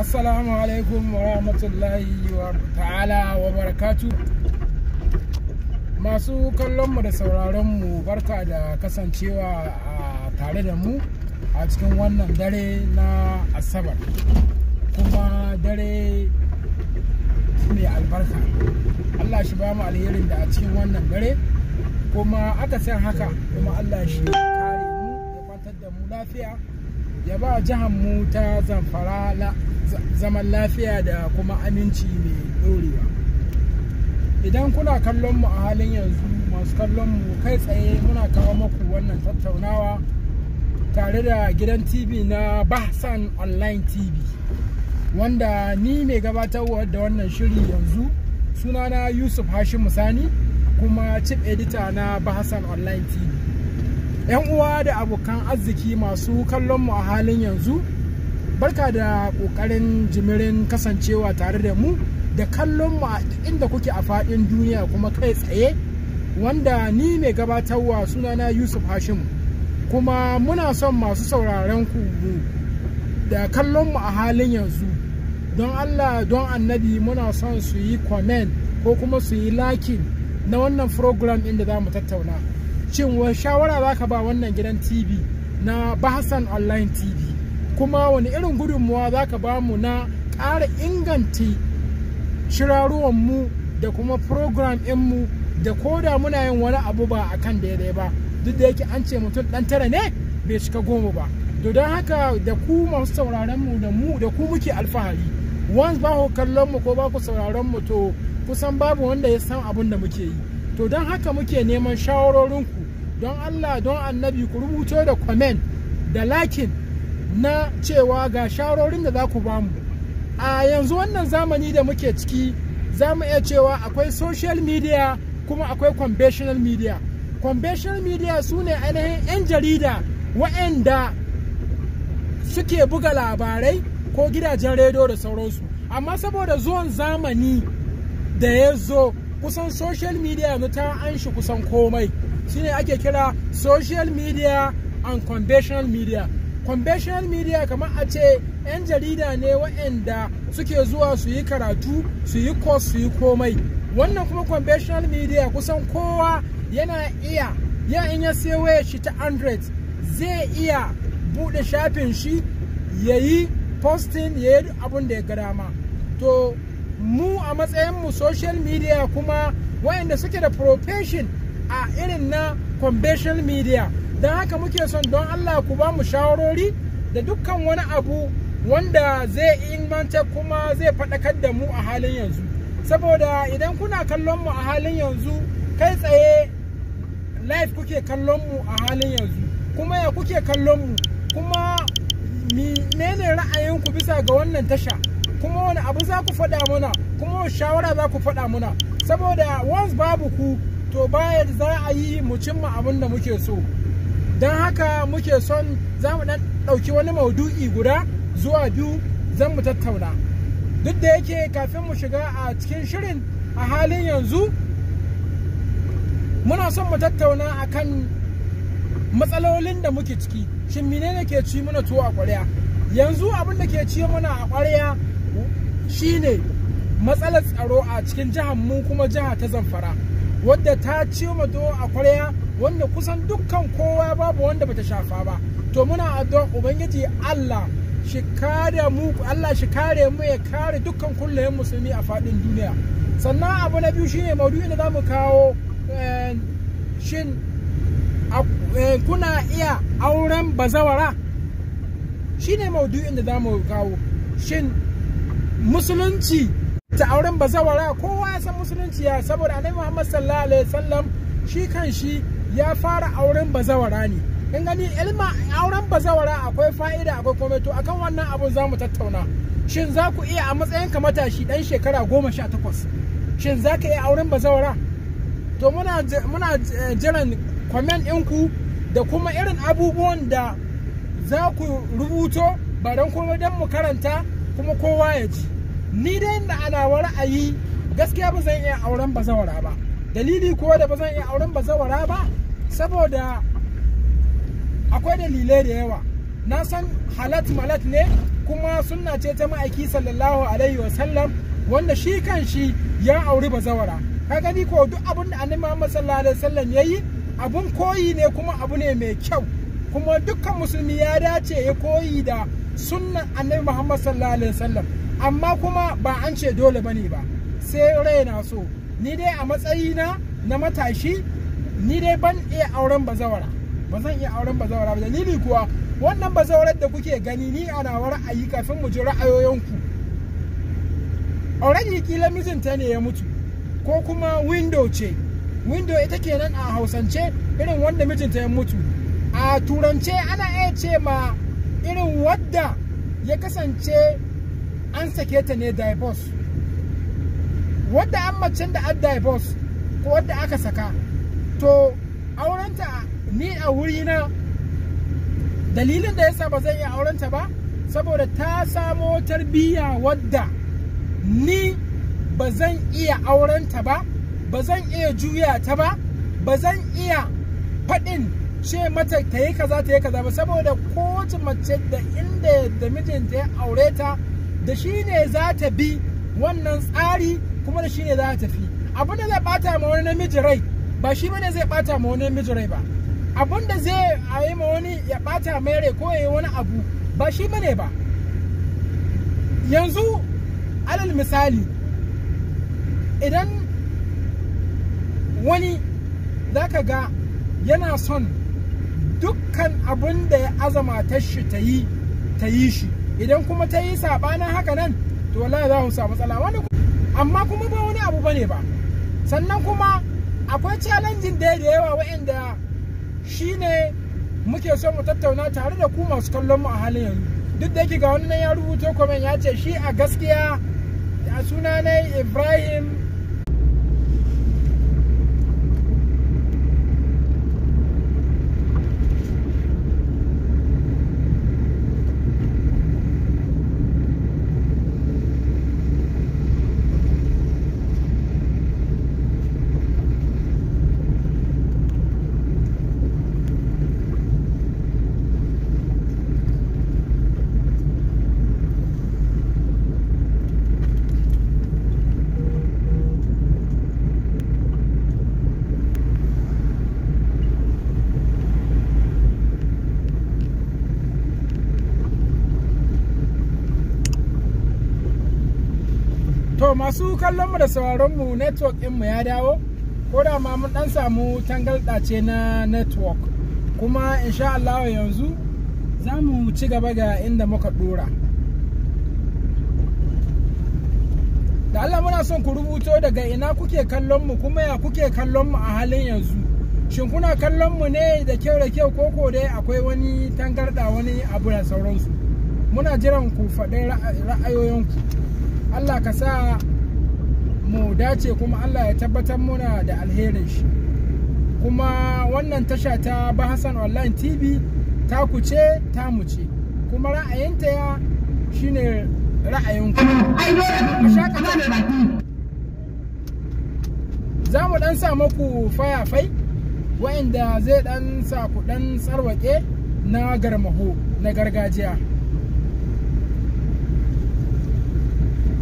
assalamu alaikum wa rahmatullahi wa ta'ala wa barakatu masu kallonmu da sauraronmu barka da kasancewa a tare da mu a cikin wannan dare na asabar kuma dare mai albarka allah shi ba mu alherin da a cikin wannan dare kuma aka san haka kuma allah shi kare mu ya kwantar da mu lafiya ya ba jihar mu ta zamfara zaman lafiya da kuma aminci mai ɗorewa idan kuna kallon mu a halin yanzu masu kallon mu kai tsaye muna kawo maku wannan tattaunawa tare da gidan tv na bahsan online tv wanda ni mai gabatarwa da wannan shiri yanzu sunana yusuf hashim Sani kuma chief editor na bahsan online tv 'yan uwa da abokan arziki masu kallon mu a halin yanzu barka da kokarin jimirin kasancewa tare da mu da kallon mu inda kuke a fadin duniya kuma kai tsaye wanda ni mai gabatarwa sunana yusuf hashim kuma muna son masu sauraren ku da kallon mu a halin yanzu don allah don annabi muna son su yi comment ko kuma su yi lakin na wannan program inda za mu tattauna shin wa shawara za ka ba wannan gidan tv na bahasan online tv kuma wani irin gudunmuwa za ka ba mu na ƙara inganta shiraruwanmu da kuma program mu da koda muna yin wani abu ba a kan daidai ba duk da yake an ce mutum ɗan tara ne bai cika goma ba to don haka da ku masu sauraron mu da mu da ku muke alfahari once ba ku kallon mu ko ba ku sauraron mu to kusan babu wanda ya san abin da muke yi to don haka muke neman shawarorinku don allah don annabi ku rubuto da kwamen da lakin na cewa ga shawarorin da za ku bamu a yanzu wannan zamani da muke ciki za mu iya cewa akwai social media kuma akwai conventional media conventional media su ne ainihin 'yan jarida waɗanda suke buga labarai ko gidajen rediyo da sauransu amma saboda zuwan zamani da ya zo kusan social media yanzu ta anshi kusan komai shine ake kira social media and conventional media conventional media kamar a ce 'yan jarida ne waɗanda suke zuwa su yi karatu su yi course su yi komai wannan kuma conventional media kusan kowa yana iya ya in ya sewe shi ta 100 zai iya buɗe shafin shi ya yi posting ya yi abin da ya gada ma to mu a matsayinmu social media kuma waɗanda suke da profession a irin na conventional media don haka muke son don Allah ku ba mu shawarori da dukkan wani abu wanda zai inganta kuma zai faɗakar da mu a halin yanzu saboda idan kuna kallon mu a halin yanzu kai tsaye life kuke kallon mu a halin yanzu kuma ya kuke kallon mu kuma menene ra'ayinku bisa ga wannan tasha kuma wani abu za ku faɗa muna kuma wani shawara za ku faɗa muna saboda once babu ku to baya za a yi mu cimma abin da muke so don haka muke son za mu ɗan ɗauki wani maudu'i guda zuwa biyu zan mu tattauna duk da yake kafin mu shiga a cikin shirin a halin yanzu muna son mu tattauna a kan matsalolin da muke ciki shin menene ke ci mana tuwo a ƙwarya yanzu abin da ke ciye mana a ƙwarya shine matsalar tsaro a cikin jihar mu kuma jiha ta zamfara wadda ta ciye do a ƙwarya wanda kusan dukkan kowa babu wanda bata shafa ba to muna addu'a ubangiji Allah shi kare mu Allah shi kare mu ya kare dukkan kullayen musulmi a faɗin duniya sannan abu na biyu shine maudu'in da zamu kawo eh, shin eh, kuna iya auren bazawara Shi shine maudu'in da zamu kawo shin musulunci ta auren bazawara kowa ya san musulunci ya saboda annabi Muhammad sallallahu alaihi wasallam shi kan shi ya fara auren bazawara ne in gani ilma auren bazawara akwai fa'ida akwai komai to akan wannan abun zamu tattauna shin za ku iya a matsayin ka matashi dan shekara goma sha takwas shin za ka iya auren bazawara to muna eh, jiran comment ɗinku da kuma irin abubuwan da za ku rubuto ba don kuma don mu karanta kuma kowa ya ji ni dai da ana wa ra'ayi gaskiya ba zan iya auren bazawara ba dalili kuwa da ba zan iya auren bazawara ba saboda akwai dalilai da yawa na san halat malat ne kuma sunna ce ta ma'aiki sallallahu alaihi wasallam wanda shi kan shi ya auri bazawara ka gani ko duk abin da annabi Muhammad sallallahu alaihi wasallam yayi abun koyi ne kuma abu ne mai kyau kuma dukkan musulmi ya dace ya koyi da sunnan annabi muhammad sallallahu alaihi wasallam amma kuma ba an ce dole bane ba sai rai so ni dai a matsayina na matashi ni dai ban iya auren bazawara ba zan iya auren bazawara ba dalili kuwa wannan bazawarar da kuke gani ni ana nawa ra'ayi kafin mu ji ra'ayoyinku already kila mijinta ne ya mutu ko kuma window ce window ita kenan a hausance irin wanda mijinta ya mutu a turance ana iya ce ma irin wadda ya kasance an sake ta ne divorce wadda an macen da an divorce ko wadda aka saka to aurenta ni a wurina dalilin da yasa ba zan iya aurenta ba saboda ta samo tarbiyya wadda ni ba zan iya aurenta ba ba zan iya juya ta ba ba zan iya faɗin ce mata ta yi kaza ta yi kaza ba saboda kowace mace da inda da mijinta ya aure ta da shi ne za ta bi wannan tsari kuma da shi ne za ta tafi abinda zai bata ma wani namiji rai ba shi bane zai bata ma wani namiji rai ba abinda zai a yi ma wani ya bata mai rai ko ya yi wani abu ba shi bane ba yanzu alal misali idan wani za ka ga yana son dukkan abin da ya azama ta shi ta yi ta yi shi idan kuma ta yi sabanin haka nan to wallahi za mu samu matsala wani amma kuma ba wani abu bane ba sannan kuma akwai challenging da da yawa waɗanda shine muke so mu tattauna tare da ku masu kallon mu a halin yanzu duk da yake ga wani ya rubuto comment ya ce shi a gaskiya a suna Ibrahim masu kallon mu da sauraron mu network mu ya dawo ko da ma mun dan samu tangarɗa ce na network kuma insha Allah yanzu za mu ci gaba ga inda muka ɗora da Allah muna son ku rubuto daga ina kuke kallon mu kuma ya kuke kallon mu a halin yanzu shin kuna kallon mu ne da kyau da kyau ko ko dai akwai wani tangarda wani abu da sauransu muna jiran ku faɗin ra'ayoyinku Allah ka sa mu dace kuma Allah ya tabbatar muna da alherin shi kuma wannan tasha ta bahasan online tv ta kuce ta muce kuma ra'ayinta ya shine ku. za mu dan sa muku fayafai wa'inda zai dan sa ku dan tsarwake na garmaho na gargajiya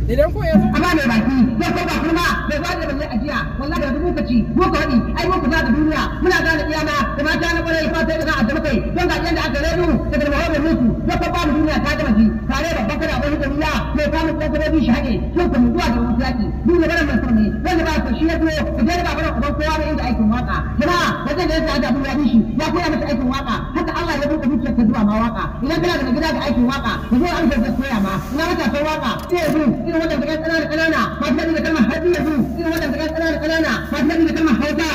idan ko yanzu amma mai baki ya ko ba kuma bai ba da balle ajiya wallahi da dubu kaci mu ka hadi ai mun fita da duniya muna gane iyana da mata na kwarai fa sai da a jama'a kai don ga yanda aka redu da da mahaifin mutu ya ko ba duniya ta jama'a tare da bakara da wani duniya mai kamun tsakanin shi hade sun kuma zuwa da wani yaki duk da garan mutum ne wanda ba su shi ya zo da da ba uban kowa da inda aikin waka jama'a wajen da ya da abu ya bi shi ya koya masa aikin waka haka Allah ya buɗe zuciyar ka zuwa ma waka idan kana da gida da aikin waka ka zo an da koya ma ina mata kai waka sai ya irin da kan kanana kanana ba da kalmar hadiya su irin wadanda kan kanana kanana ba ta da kalmar hauta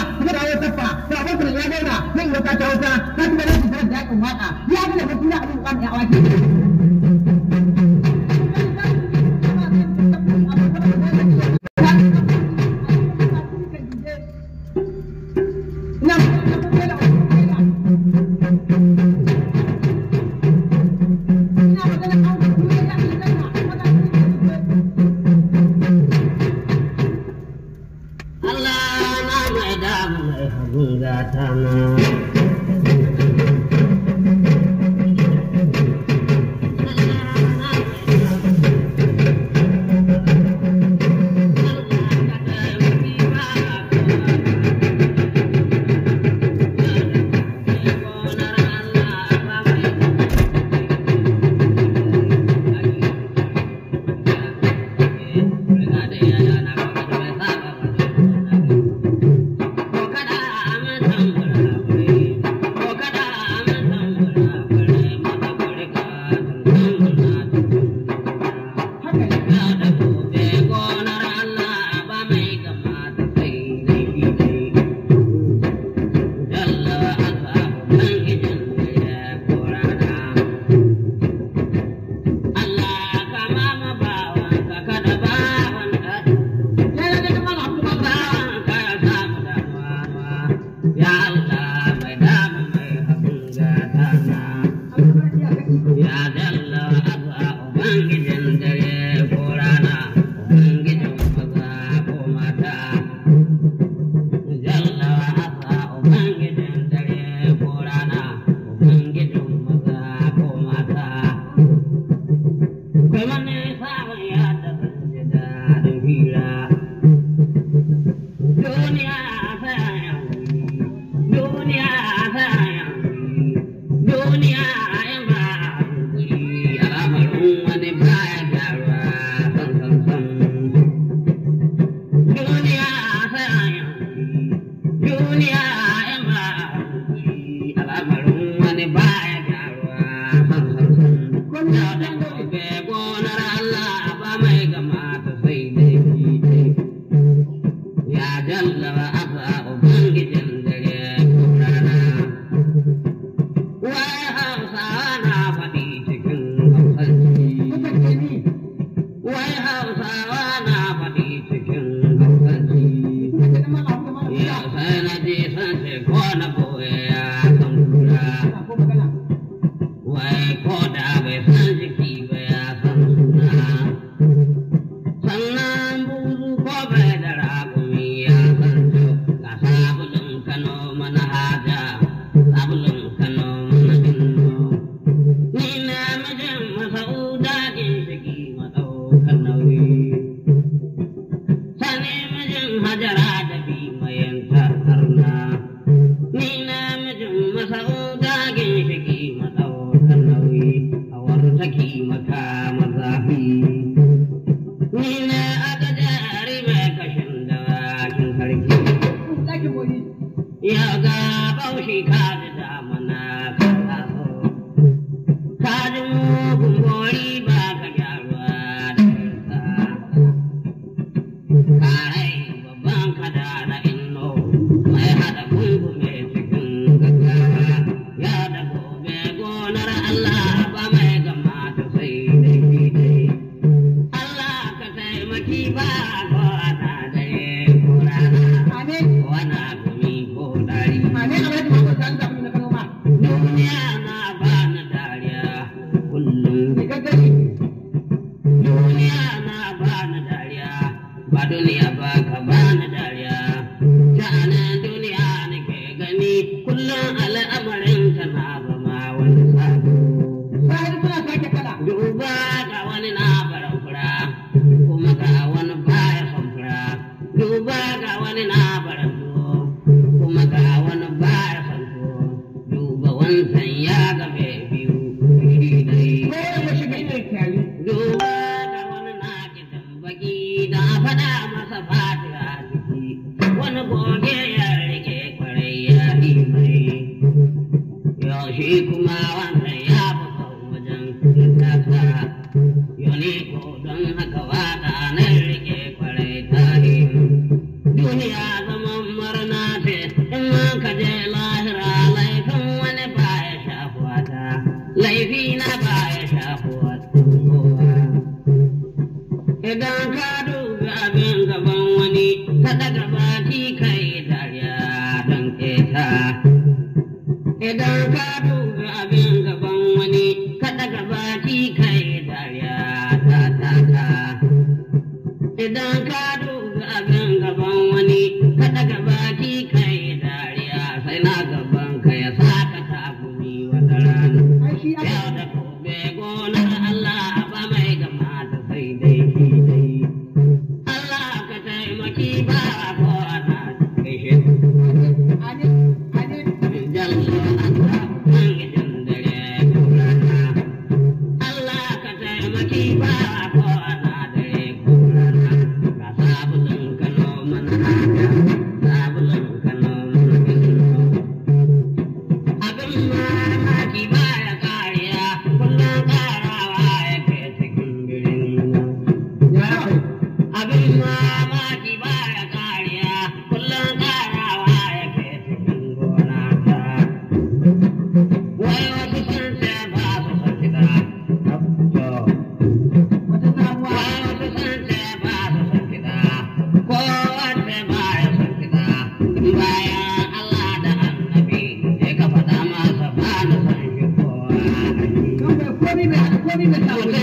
do I? Thank you.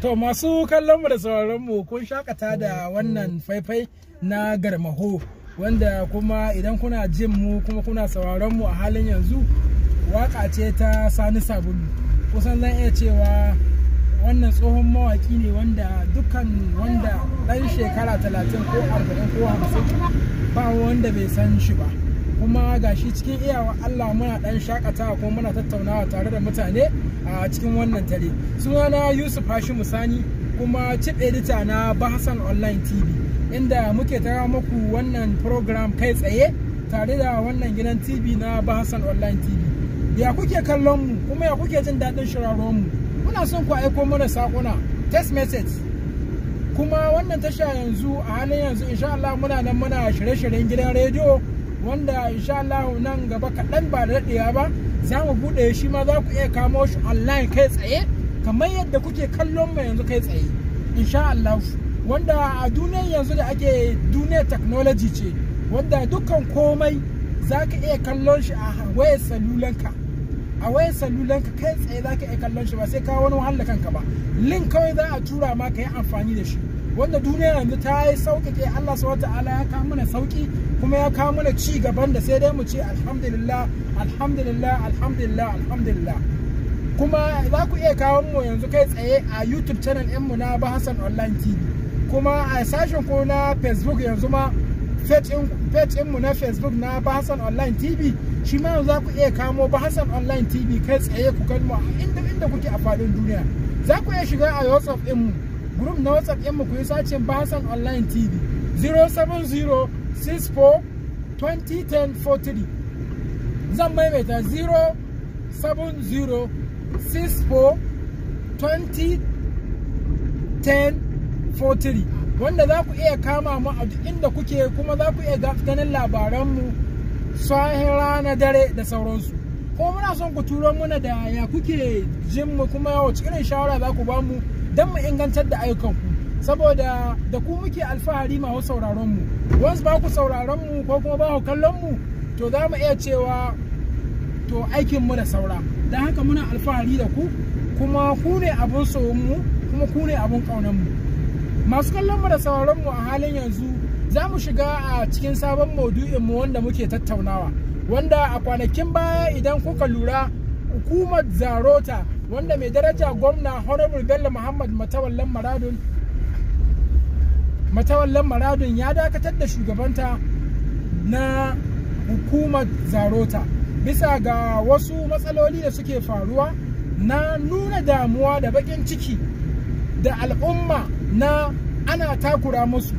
To masu kallonmu da sauraronmu kun shakata da wannan faifai na garmaho wanda kuma idan kuna jin mu kuma kuna sauraronmu a halin yanzu waka ce ta sani sabulu kusan zan iya cewa wannan tsohon mawaki ne wanda dukkan wanda ɗan shekara talatin ko arba'in ko hamsin ba wanda bai san shi ba. kuma gashi cikin iyawa Allah muna dan shakatawa kuma muna tattaunawa tare da mutane a cikin wannan tare sunana Yusuf Hashimu Sani kuma chief editor na Bahasan Online TV inda muke tara muku wannan program kai tsaye tare da wannan gidan TV na Bahasan Online TV ya kuke kallon mu kuma ya kuke jin dadin shiraron mu muna son ku aiko mana sakuna text message kuma wannan tasha yanzu a halin yanzu insha Allah muna nan muna shirye-shiryen gidan rediyo wanda insha Allah nan gaba kaɗan ba da daɗewa ba za mu buɗe shi ma za ku iya kamo shi online kai tsaye kamar yadda kuke kallon mu yanzu kai tsaye insha Allah wanda a duniyar yanzu da ake duniyar technology ce wanda dukkan komai za ka iya kallon shi a waya salulanka a wayar salulanka kai tsaye za ka iya kallon shi ba sai ka wani wahala kanka ba link kawai za a tura ma ka yi amfani da shi wanda duniya yanzu ta yi ke Allah subhanahu wa ta'ala ya kawo mana sauƙi kuma ya kawo mana ci gaban da sai dai mu ce alhamdulillah alhamdulillah alhamdulillah alhamdulillah kuma za ku iya kawo mu yanzu kai tsaye a youtube channel mu na bahasan online tv kuma a sashen ko na facebook yanzu ma page mu na facebook na bahasan online tv shi ma za ku iya kamo bahasan online tv kai tsaye ku kan mu inda inda kuke a faɗin duniya za ku iya shiga a whatsapp mu group na whatsapp mu ku yi sacin bahasan online tv 07064201043 zan maimaita 07064201043 wanda za ku iya kama mu a duk inda kuke kuma za ku iya ganin labaranmu sahin rana dare da sauransu ko muna son ku turo muna da ya kuke jin mu kuma wacce irin shawara za ku ba mu don mu ingantar da ayyukanku saboda da ku muke alfahari ma sauraron sauraronmu wasu ba ku sauraronmu ko kuma ba ku kallon to za mu iya cewa to aikin mu da saura don haka muna alfahari da ku kuma ku ne abun mu kuma ku ne abun kaunan masu kallon mu da sauraronmu a halin yanzu za mu shiga a cikin sabon maudu'in mu wanda muke tattaunawa wanda a kwanakin baya idan kuka lura hukumar zarota wanda mai daraja gwamna honorable bello muhammad matawallan maradun matawallan maradun ya dakatar da shugabanta na hukumar zarota bisa ga wasu matsaloli da suke faruwa na nuna damuwa da bakin ciki da al'umma na ana takura musu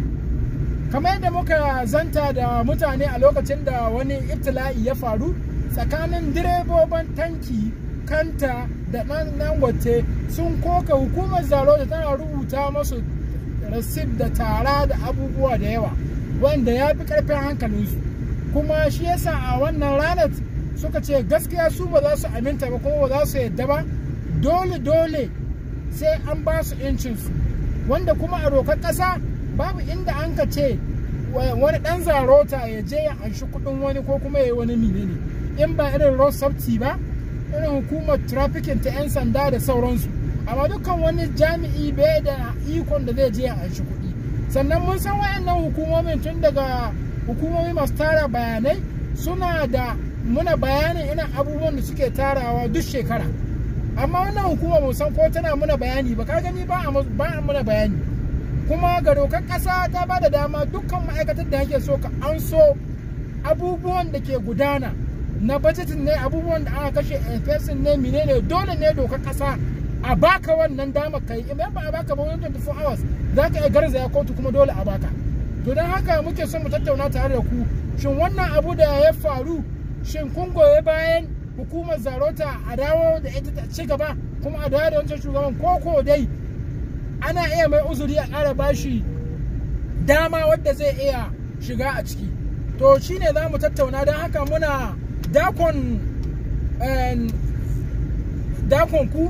kamar yadda muka zanta da mutane a lokacin da wani iftila'i ya faru tsakanin direbobin tanki kanta da nan wace sun koka hukumar zarota tana rubuta masu rasif da tara da abubuwa da yawa wanda ya fi karfin su kuma shi yasa a wannan ranar suka ce gaskiya su ba za su aminta ba kuma ba za su yadda ba dole dole sai an ba su incinsu wanda kuma a dokar ƙasa babu inda an ka ce wani ɗan zarota ya je ya anshi kuɗin wani ko kuma ya yi wani mine in ba irin road safety ba irin hukumar trafficking ta 'yan sanda da sauransu amma dukkan wani jami'i bai da ikon da zai je a shi kuɗi sannan mun san wayannan hukumomin tun daga hukumomi masu tara bayanai suna da muna bayanin ina abubuwan da suke tarawa duk shekara amma wannan hukuma mun san ko tana muna bayani ba ka gani ba a muna bayani kuma ga dokar ƙasa ta ba da dama dukkan ma'aikatar da ake so ka an so abubuwan da ke gudana na budgetin ne abubuwan da aka kashe eh, fesin ne menene dole ne dokar ƙasa a baka wannan dama kai in ba a baka ba 24 hours za ka iya garzaya kotu kuma dole a baka to don haka muke son mu tattauna tare da ku shin wannan abu da ya faru shin kun goye bayan hukumar zarota a dawo da ita ta ci gaba kuma a dawo da wancan shugaban koko dai ana iya mai uzuri a kara bashi dama wadda zai iya shiga a ciki to shine za mu tattauna don haka muna dakon eh, dakon ku